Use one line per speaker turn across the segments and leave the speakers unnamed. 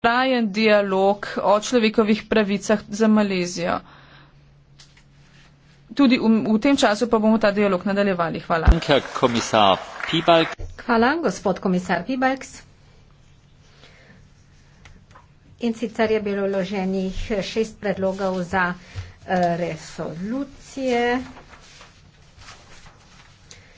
trajen dialog o človekovih pravicah za Malezijo. Tudi v, v tem času pa bomo ta dialog nadaljevali. Hvala. Hvala, gospod komisar Pibalks.
In sicer je bilo vloženih šest predlogov za eh, resolucije.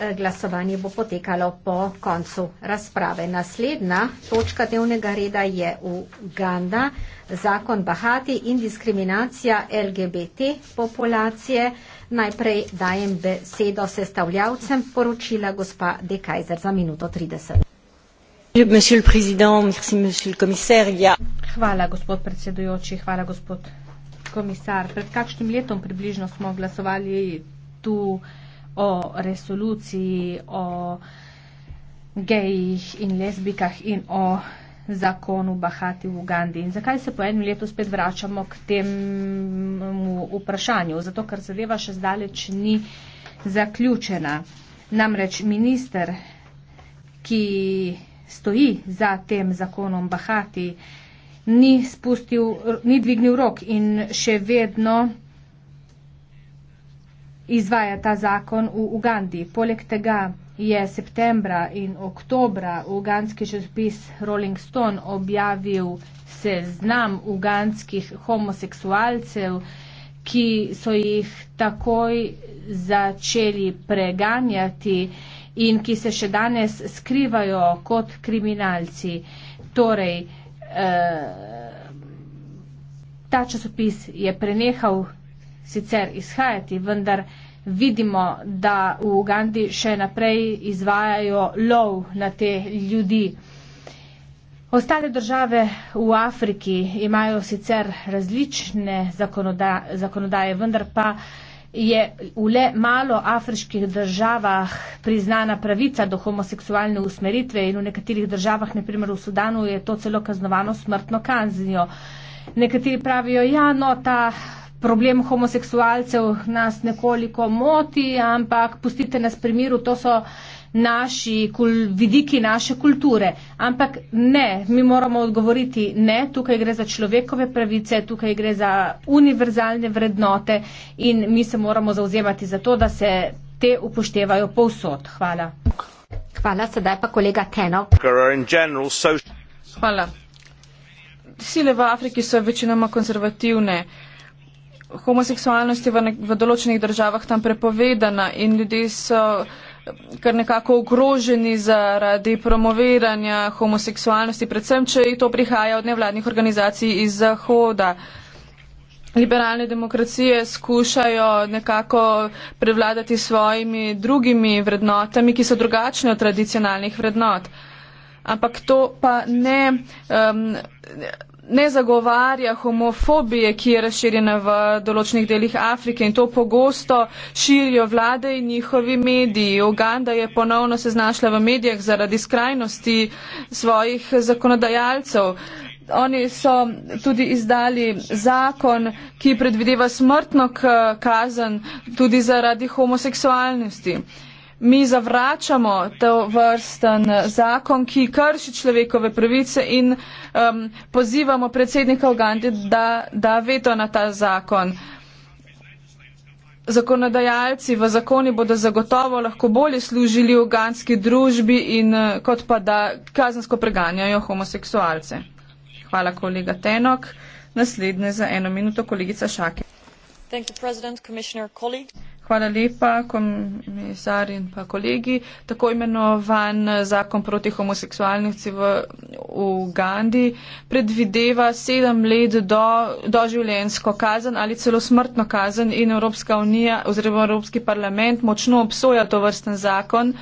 Eh, glasovanje bo potekalo po koncu razprave. Naslednja točka dnevnega reda je Uganda, zakon Bahati in diskriminacija LGBT populacije. Najprej dajem besedo sestavljavcem poročila gospa De Kajzer za minuto 30.
Hvala, gospod predsedujoči, hvala, gospod komisar. Pred kakšnim letom približno smo glasovali tu o resoluciji o gejih in lesbikah in o zakonu Bahati v Ugandi. In zakaj se po enem letu spet vračamo k temu vprašanju? Zato, ker zadeva še zdaleč ni zaključena. Namreč minister, ki stoji za tem zakonom Bahati, ni spustil, ni dvignil rok in še vedno izvaja ta zakon v Ugandi. Poleg tega je septembra in oktobra ugandski časopis Rolling Stone objavil seznam ugandskih homoseksualcev, ki so jih takoj začeli preganjati in ki se še danes skrivajo kot kriminalci. Torej, eh, ta časopis je prenehal sicer izhajati, vendar vidimo, da v Ugandi še naprej izvajajo lov na te ljudi. Ostale države v Afriki imajo sicer različne zakonodaje, zakonodaje vendar pa je v le malo afriških državah priznana pravica do homoseksualne usmeritve in v nekaterih državah, ne primer v Sudanu, je to celo kaznovano smrtno kaznijo. Nekateri pravijo, ja, no, ta problem homoseksualcev nas nekoliko moti, ampak pustite nas pri miru, to so naši kul, vidiki naše kulture. Ampak ne, mi moramo odgovoriti ne, tukaj gre za človekove pravice, tukaj gre za univerzalne vrednote in mi se moramo zauzemati za to, da se te upoštevajo povsod. Hvala. Hvala, sedaj pa kolega Teno.
Hvala. Sile v Afriki so večinoma konzervativne homoseksualnost je v, v določenih državah tam prepovedana in ljudje so kar nekako ogroženi zaradi promoviranja homoseksualnosti, predvsem, če to prihaja od nevladnih organizacij iz Zahoda. Liberalne demokracije skušajo nekako prevladati svojimi drugimi vrednotami, ki so drugačne od tradicionalnih vrednot. Ampak to pa ne. Um, ne zagovarja homofobije, ki je razširjena v določenih delih Afrike in to pogosto širijo vlade in njihovi mediji. Uganda je ponovno se znašla v medijah zaradi skrajnosti svojih zakonodajalcev. Oni so tudi izdali zakon, ki predvideva smrtno kazen tudi zaradi homoseksualnosti. Uh, Mi zavračamo to vrsten zakon, ki krši človekove pravice in um, pozivamo predsednika Ugandi, da, da veto na ta zakon. Zakonodajalci v zakoni bodo zagotovo lahko bolje služili uganski družbi in kot pa da kazensko preganjajo homoseksualce. Hvala, kolega Tenok. Naslednje za eno minuto, kolegica Šake. Thank you, Hvala lepa, komisar in pa kolegi. Tako imenovan zakon proti homoseksualnosti v Ugandi predvideva sedem let do, do življenjsko kazen ali celo smrtno kazen in Evropska unija oziroma Evropski parlament močno obsoja to vrsten zakon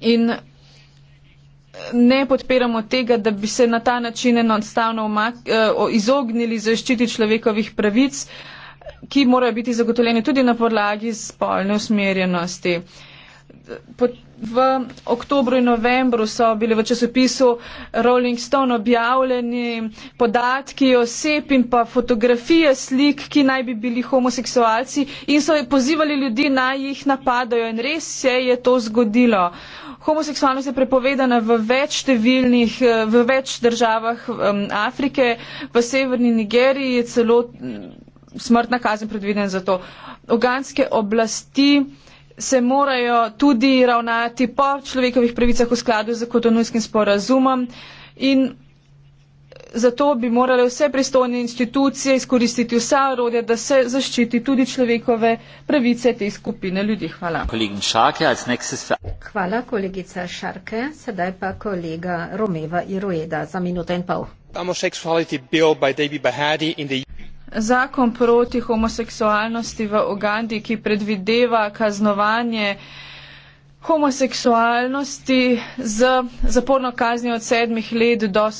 in ne podpiramo tega, da bi se na ta način enostavno eh, izognili zaščiti človekovih pravic. Eh, ki morajo biti zagotovljeni tudi na podlagi spolne usmerjenosti. V oktobru in novembru so bili v časopisu Rolling Stone objavljeni podatki oseb in pa fotografije slik, ki naj bi bili homoseksualci in so pozivali ljudi naj jih napadajo in res se je to zgodilo. Homoseksualnost je prepovedana v več številnih, eh, v več državah Afrike, v severni Nigeriji, celo smrtna kazen predviden za to. Uganske oblasti se morajo tudi ravnati po človekovih pravicah v skladu z kotonujskim sporazumom in zato bi morale vse pristojne institucije izkoristiti vsa orodja, da se zaščiti tudi človekove pravice te skupine ljudi. Hvala. Hvala, kolegica
Šarke. Sedaj pa kolega Romeva Irueda za minuto in pol.
Homosexuality bill by David Bahadi in the zakon proti homoseksualnosti v Ugandi, ki predvideva kaznovanje homoseksualnosti z zaporno kaznijo od sedmih let do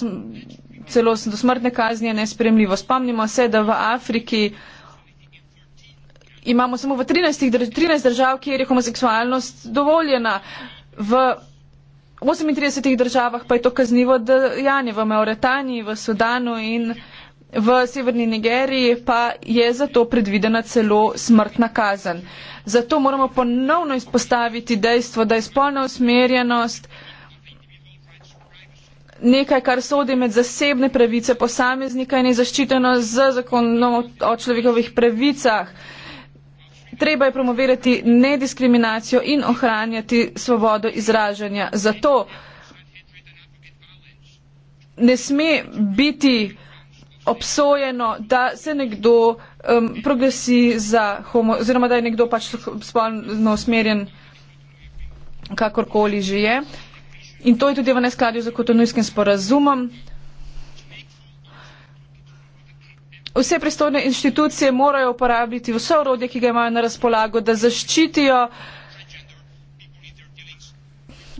celo do smrtne kazni je nespremljivo. Spomnimo se, da v Afriki imamo samo v 13, 13 držav, kjer je homoseksualnost dovoljena. V 38 državah pa je to kaznivo dejanje v Mauretaniji, v Sudanu in V severni Nigeriji pa je za to predvidena celo smrtna kazen. Zato moramo ponovno izpostaviti dejstvo, da je spolna usmerjenost nekaj, kar sodi med zasebne pravice posameznika in je zaščiteno z zakonom o človekovih pravicah. Treba je promovirati nediskriminacijo in ohranjati svobodo izražanja. Zato ne sme biti obsojeno, da se nekdo um, proglasi za homo, oziroma da je nekdo pač spolno usmerjen, kakorkoli že je. In to je tudi v neskladju z kotonujskim sporazumom. Vse pristojne inštitucije morajo uporabiti vse urodje, ki ga imajo na razpolago, da zaščitijo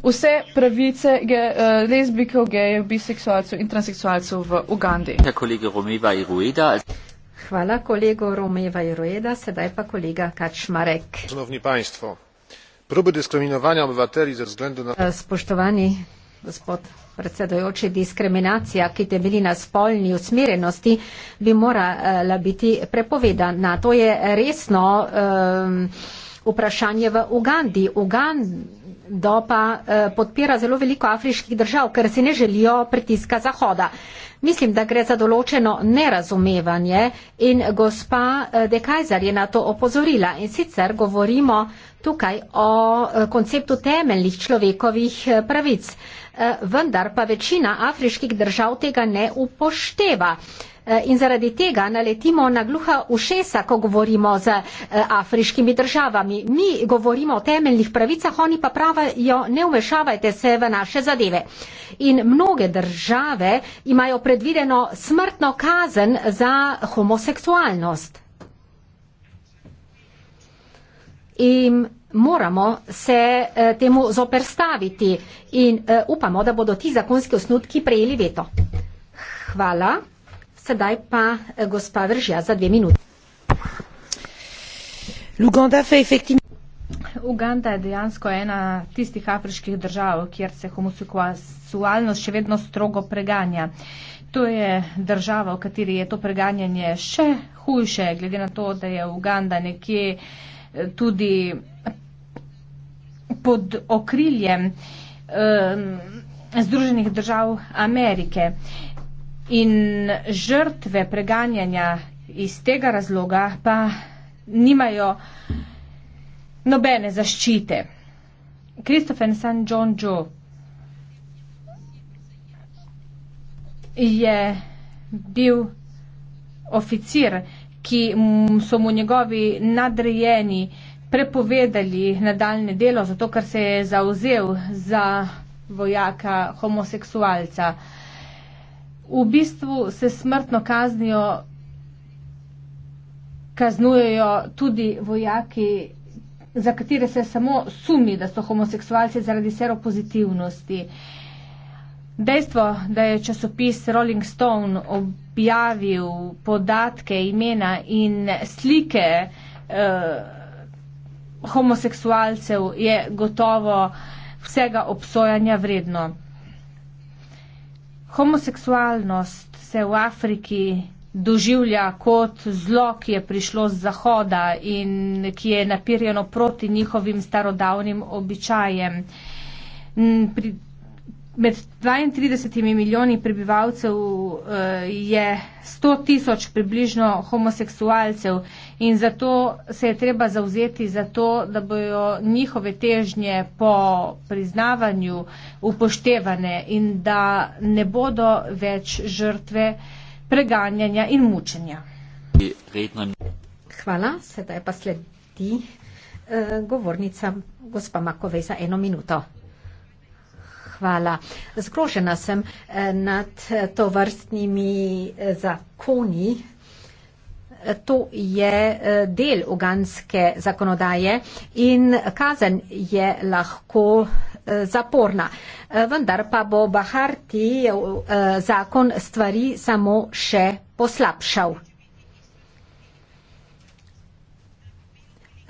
vse pravice ge, eh, lesbikov, gejev, biseksualcev in transseksualcev v Ugandi. Ja, Hvala kolego Romeva Irueda, sedaj pa kolega
Kačmarek. E, spoštovani gospod predsedojoči, diskriminacija, ki temelji na spolni usmerjenosti, bi morala biti prepovedana. To je resno um, vprašanje v Ugandi. Ugandi da pa eh, podpira zelo veliko afriških držav, ker si ne želijo pritiska Zahoda. Mislim, da gre za določeno nerazumevanje in gospa eh, De Kajzer je na to opozorila. In sicer govorimo tukaj o eh, konceptu temeljnih človekovih eh, pravic, vendar pa večina afriških držav tega ne upošteva. Eh, Eh, in zaradi tega naletimo na gluha ušesa, ko govorimo z eh, afriškimi državami. Mi govorimo o temeljnih pravicah, oni pa pravijo, ne umešavajte se v naše zadeve. In mnoge države imajo predvideno smrtno kazen za homoseksualnost. In moramo se eh, temu zoperstaviti in upamo, da bodo ti zakonski osnutki prejeli veto. Hvala. Sedaj pa eh, gospa Vržja za dve minuti.
Uganda je dejansko ena tistih afriških držav, kjer se homoseksualnost še vedno strogo preganja. To je država, v kateri je to preganjanje še hujše, glede na to, da je Uganda nekje eh, tudi pod okriljem um, Združenih držav Amerike. In žrtve preganjanja iz tega razloga pa nimajo nobene zaščite. Kristofen San John Joe je bil oficir, ki so mu njegovi nadrejeni prepovedali nadaljne delo, zato ker se je zauzel za vojaka homoseksualca v bistvu se smrtno kaznijo, kaznujejo tudi vojaki, za katere se samo sumi, da so homoseksualci zaradi seropozitivnosti. Dejstvo, da je časopis Rolling Stone objavil podatke, imena in slike eh, homoseksualcev, je gotovo vsega obsojanja vredno homoseksualnost se v Afriki doživlja kot zlo, ki je prišlo z zahoda in ki je napirjeno proti njihovim starodavnim običajem. Med 32 milijoni prebivalcev eh, je 100 tisoč približno homoseksualcev In zato se je treba zauzeti za to, da bojo njihove težnje po priznavanju upoštevane in da ne bodo več žrtve preganjanja in mučenja. Hvala, sedaj pa sledi
eh, govornica gospa Makovej za eno minuto. Hvala. Zgrožena sem eh, nad eh, to vrstnimi eh, zakoni, to je eh, del uganske zakonodaje in kazen je lahko eh, zaporna. Eh, vendar pa bo Baharti zakon stvari samo še poslabšal.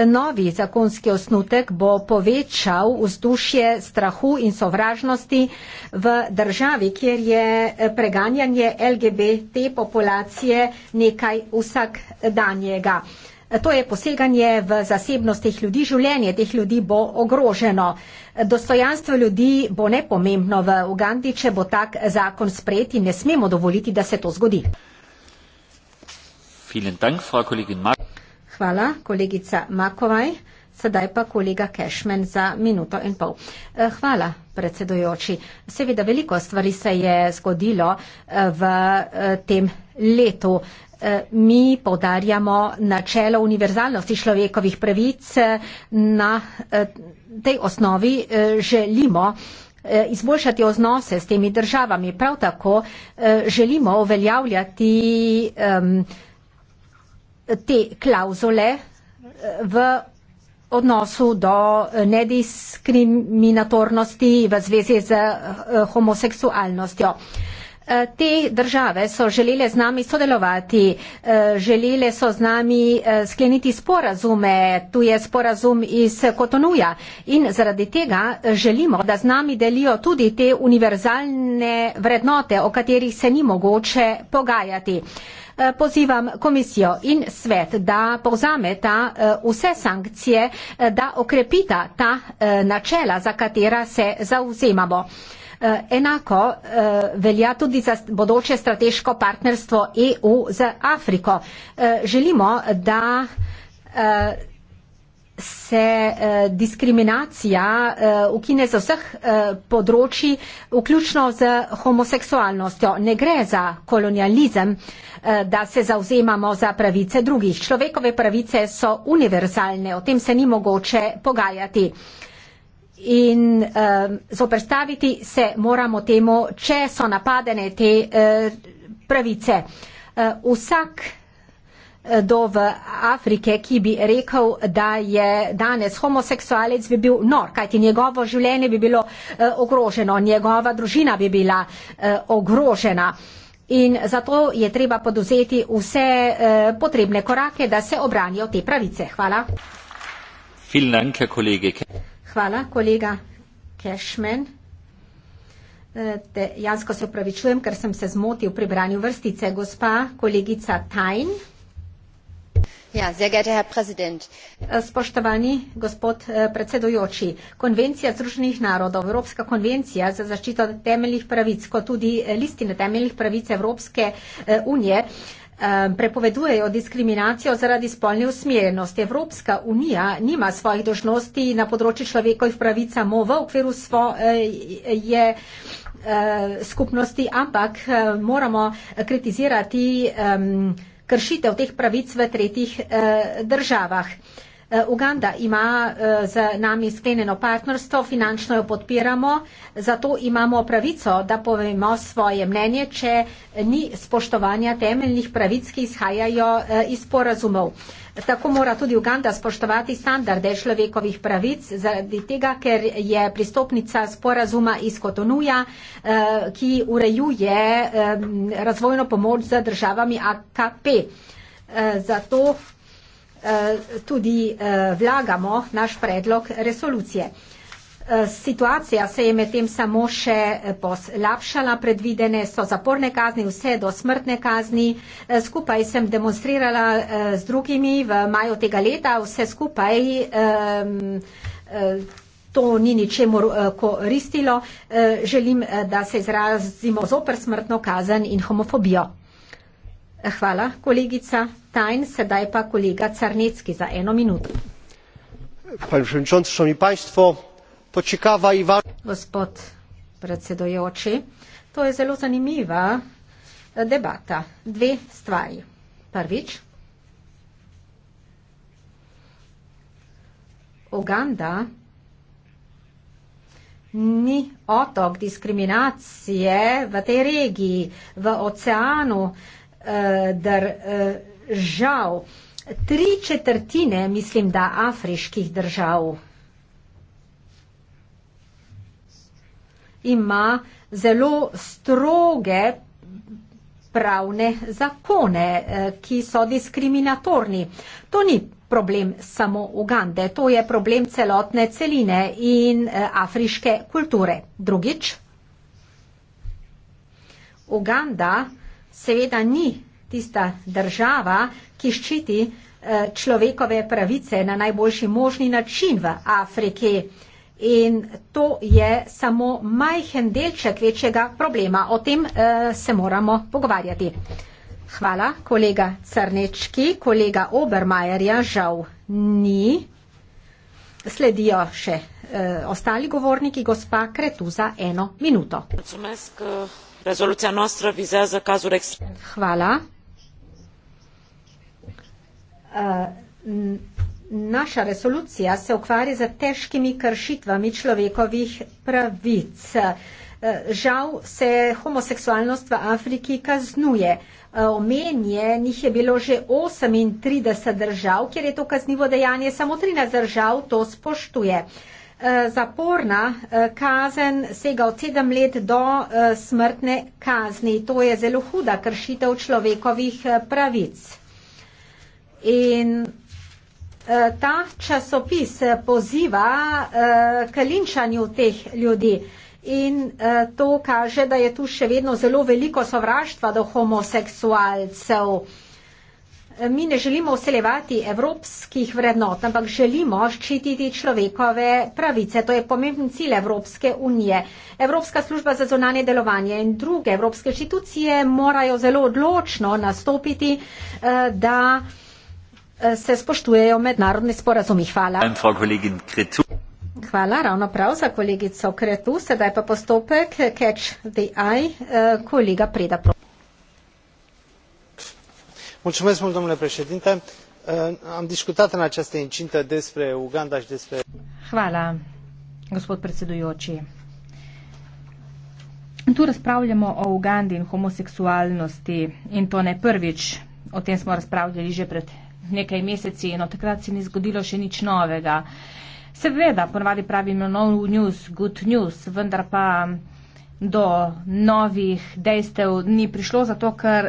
Novi zakonski osnutek bo povečal vzdušje strahu in sovražnosti v državi, kjer je eh, preganjanje LGBT populacije nekaj vsakdanjega. To je poseganje v zasebnost teh ljudi, življenje teh ljudi bo ogroženo. Dostojanstvo ljudi bo nepomembno v Ugandi, če bo tak zakon sprejet in ne smemo dovoliti, da se to zgodi.
Dank, Mar-
Hvala, kolegica Makovaj. Sedaj pa kolega Kešmen za minuto in pol. Eh, hvala, predsedojoči. Seveda veliko stvari se je zgodilo eh, v eh, tem letu. Mi podarjamo načelo univerzalnosti človekovih pravic. Na tej osnovi želimo izboljšati odnose s temi državami. Prav tako želimo uveljavljati. Um, te klauzule eh, v odnosu do nediskriminatornosti v zvezi z eh, homoseksualnostjo. Eh, te države so želele z nami sodelovati, želele so z nami skleniti sporazume, tu je sporazum iz Kotonuja in zaradi tega želimo, da z nami delijo tudi te univerzalne vrednote, o katerih se ni mogoče pogajati. Eh, pozivam komisijo in svet, da povzameta eh, vse sankcije, eh, da okrepita ta načela, za katera se zauzemamo. Enako velja tudi za bodoče strateško partnerstvo EU z Afriko. Želimo, da se eh, diskriminacija eh, ukine za vseh eh, področji, vključno z homoseksualnostjo. Ne gre za kolonializem, eh, da se zauzemamo za pravice drugih. Človekove pravice so univerzalne, o tem se ni mogoče pogajati. In eh, zoprstaviti se moramo temu, če so napadene te eh, pravice. Eh, vsak dov Afrike, ki bi rekel, da je danes homoseksualec, bi bil nor, kajti njegovo življenje bi bilo eh, ogroženo, njegova družina bi bila eh, ogrožena. In zato je treba poduzeti vse eh, potrebne korake, da se obranijo te pravice. Hvala. Hvala, kolega Kešmen. Jaz, ko se upravičujem, ker sem se zmotil pri branju vrstice, gospa kolegica Tajn. Ja, eh, spoštovani gospod eh, predsedujoči, konvencija Združenih narodov, Evropska konvencija za zaščito temeljnih pravic, kot tudi eh, listine temeljnih pravic Evropske unije prepovedujejo diskriminacijo zaradi spolne usmerjenosti. Evropska unija nima svojih dožnosti na področju človekovih pravic samo v okviru svoje skupnosti, ampak moramo kritizirati. Um, kršitev teh pravic v tretjih eh, državah. Eh, Uganda ima eh, z nami sklenjeno partnerstvo, finančno jo podpiramo, zato imamo pravico, da povemo svoje mnenje, če ni spoštovanja temeljnih pravic, ki izhajajo eh, iz sporazumov. Tako mora tudi Uganda spoštovati standarde človekovih pravic, zaradi tega, ker je pristopnica sporazuma iz Kotonuja, ki urejuje razvojno pomoč za državami AKP. Zato Eh, tudi eh, vlagamo naš predlog resolucije. Eh, situacija se je medtem samo še poslabšala, predvidene so zaporne kazni, vse do smrtne kazni. Skupaj sem demonstrirala z drugimi v maju tega leta, vse skupaj ehm, to ni ničemor koristilo. Želim, da se izrazimo zoper smrtno kazen in homofobijo. Hvala, kolegica Tajn. Sedaj pa kolega Carnecki za eno minuto.
Pani Šenčonc, Šovni Pajstvo, počekava i vaš.
Gospod predsedojoči, to je zelo zanimiva e, debata. Dve stvari. Prvič, Uganda ni otok diskriminacije v tej regiji, v oceanu. Eh, držav, eh, tri četrtine, mislim, da afriških držav ima zelo stroge pravne zakone, eh, ki so diskriminatorni. To ni problem samo Ugande, to je problem celotne celine in afriške kulture. Drugič, Uganda seveda ni tista država, ki ščiti eh, človekove pravice na najboljši možni način v Afriki. In to je samo majhen delček večjega problema. O tem eh, se moramo pogovarjati. Hvala, kolega Crnečki, kolega Obermajerja, žal ni. Sledijo še e, ostali govorniki, gospa Kretuza, eno minuto.
Zumesk, uh rezoluția noastră vizează cazuri extreme.
Uh, naša resolucija se ukvarja z težkimi kršitvami človekovih pravic. Uh, žal se homoseksualnost v Afriki kaznuje. Uh, omenjenih je bilo že 38 držav, kjer je to kaznivo dejanje, samo 13 držav to spoštuje. Uh, Eh, zaporna eh, kazen sega od sedem let do eh, smrtne kazni. To je zelo huda kršitev človekovih pravic. In ta časopis poziva k linčanju teh ljudi. In to kaže, da je tu še vedno zelo veliko sovraštva do homoseksualcev mi ne želimo vseljevati evropskih vrednot, ampak želimo ščititi človekove pravice. To je pomemben cilj Evropske unije. Evropska služba za zonanje delovanje in druge evropske inštitucije morajo zelo odločno nastopiti, eh, da eh, se spoštujejo mednarodni sporazumi. Hvala. Hvala ravno prav za kolegico Kretu. Sedaj pa postopek Catch the Eye. Eh, kolega Preda, prosim. Eh, am discutat în această incintă despre uganda și despre.
tu razpravljamo o Ugandi in homoseksualnosti in to ne prvič, o tem smo razpravljali že pred nekaj meseci in od takrat se ni zgodilo še nič novega. Seveda, ponovadi pravimo no news, good news, vendar pa do novih dejstev ni prišlo, zato ker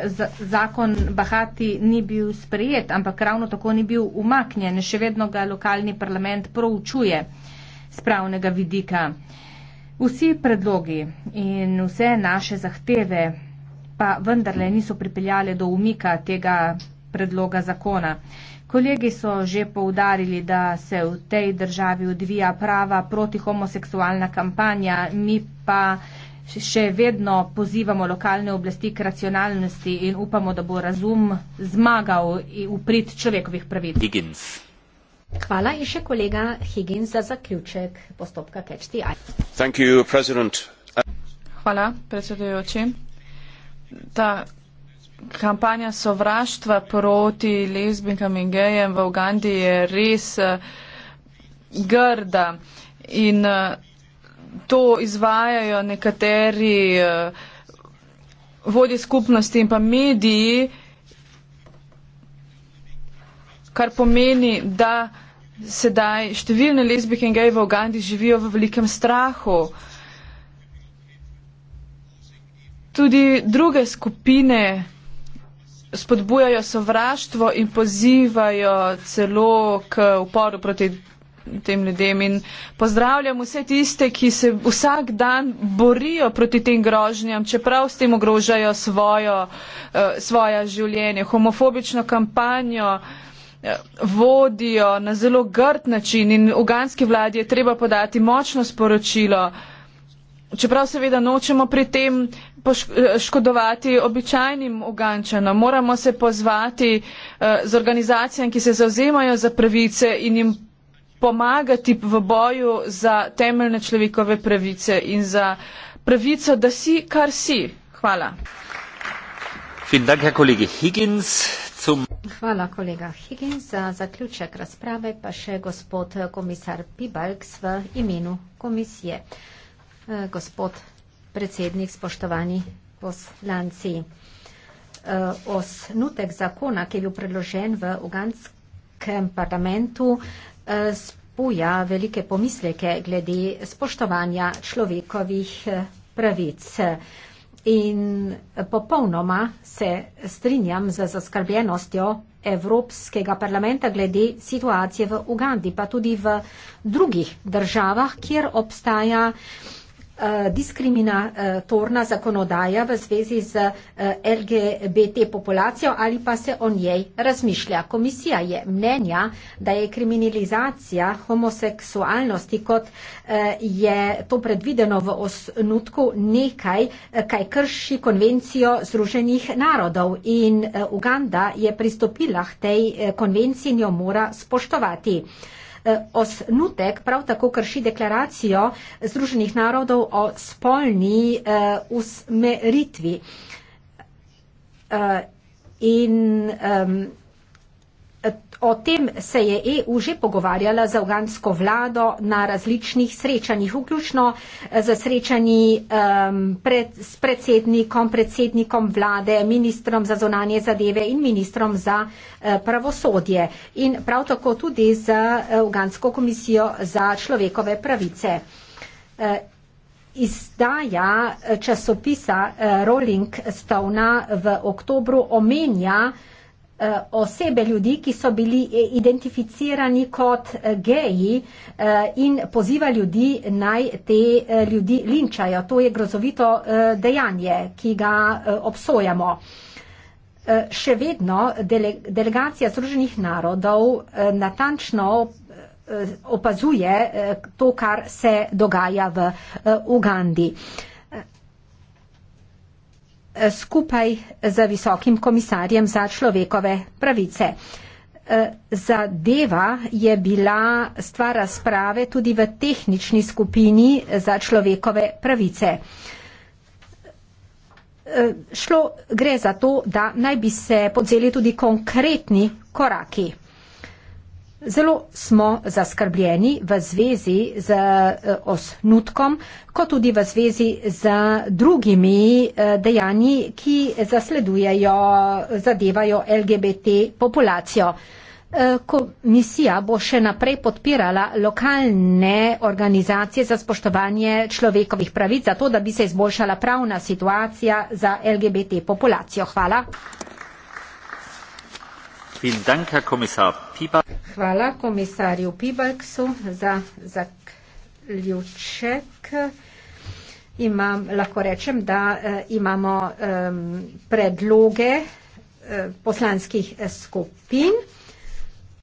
zakon Bahati ni bil sprejet, ampak ravno tako ni bil umaknjen. Še vedno ga lokalni parlament proučuje z pravnega vidika. Vsi predlogi in vse naše zahteve pa vendarle niso pripeljale do umika tega predloga zakona. Kolegi so že poudarili, da se v tej državi odvija prava proti homoseksualna kampanja, mi pa še vedno pozivamo lokalne oblasti k racionalnosti in upamo, da bo razum zmagal v prid človekovih pravic. Higgins. Hvala in še kolega Higgins za zaključek postopka Catch-TI.
Hvala, predsedujoči. Ta kampanja sovraštva proti lezbinkam in gejem v Ugandiji je res eh, grda in uh, to izvajajo nekateri eh, vodje skupnosti in pa mediji, kar pomeni, da sedaj številne lezbike in geji v Ugandi živijo v velikem strahu. Tudi druge skupine spodbujajo sovraštvo in pozivajo celo k uporu proti tem ljudem in pozdravljam vse tiste, ki se vsak dan borijo proti tem grožnjam, čeprav s tem ogrožajo svojo, eh, svoja življenja. Homofobično kampanjo eh, vodijo na zelo grd način in uganski vladi je treba podati močno sporočilo. Čeprav seveda nočemo pri tem poškodovati eh, običajnim ugančanom, moramo se pozvati uh, z organizacijami, ki se zauzemajo za pravice in jim pomagati v boju za temeljne človekove pravice in za pravico, da si, kar si. Hvala.
Hvala, kolega Higgins. Za zaključek razprave pa še
gospod komisar Pibalks v imenu komisije. Eh, gospod predsednik, spoštovani poslanci. Eh, osnutek zakona, ki je bil predložen v Uganskem parlamentu, Eh, spuja velike pomisleke glede spoštovanja človekovih eh, pravic. In popolnoma se strinjam z zaskrbljenostjo Evropskega parlamenta glede situacije v Ugandi, pa tudi v drugih državah, kjer obstaja Eh, diskriminatorna zakonodaja v zvezi z eh, LGBT populacijo ali pa se o njej razmišlja. Komisija je mnenja, da je kriminalizacija homoseksualnosti, kot eh, je to predvideno v osnutku, nekaj, kaj krši konvencijo Združenih narodov in Uganda je pristopila k tej konvenciji in jo mora spoštovati. Eh, osnutek prav tako krši deklaracijo Združenih narodov o spolni eh, usmeritvi. Eh, in um, O tem se je EU že pogovarjala z afgansko vlado na različnih srečanjih, vključno z eh, srečanji um, pred, s predsednikom, predsednikom vlade, ministrom za zonanje zadeve in ministrom za uh, pravosodje in prav tako tudi z eh, afgansko komisijo za človekove pravice. Uh, Izdaja časopisa uh, Rolling Stone v oktobru omenja, uh, Eh, osebe ljudi, ki so bili eh, identificirani kot eh, geji in poziva ljudi naj te ljudi linčajo. To je grozovito dejanje, ki ga obsojamo. Še vedno delegacija Združenih narodov natančno opazuje to, kar se dogaja v Ugandi. Eh, skupaj z visokim komisarjem za človekove pravice. Eh, zadeva je bila stvar razprave tudi v tehnični skupini za človekove pravice. Eh, šlo gre za to, da naj bi se podzeli tudi konkretni koraki. Zelo smo zaskrbljeni v zvezi z eh, osnutkom, kot tudi v zvezi z drugimi eh, dejanji, ki zasledujejo, zadevajo LGBT populacijo. Eh, komisija bo še naprej podpirala lokalne organizacije za spoštovanje človekovih pravic, zato da bi se izboljšala pravna situacija za LGBT populacijo. Hvala. Hvala komisarju Pibalksu za zaključek. Imam, lahko rečem, da eh, imamo eh, predloge eh, poslanskih eh, skupin.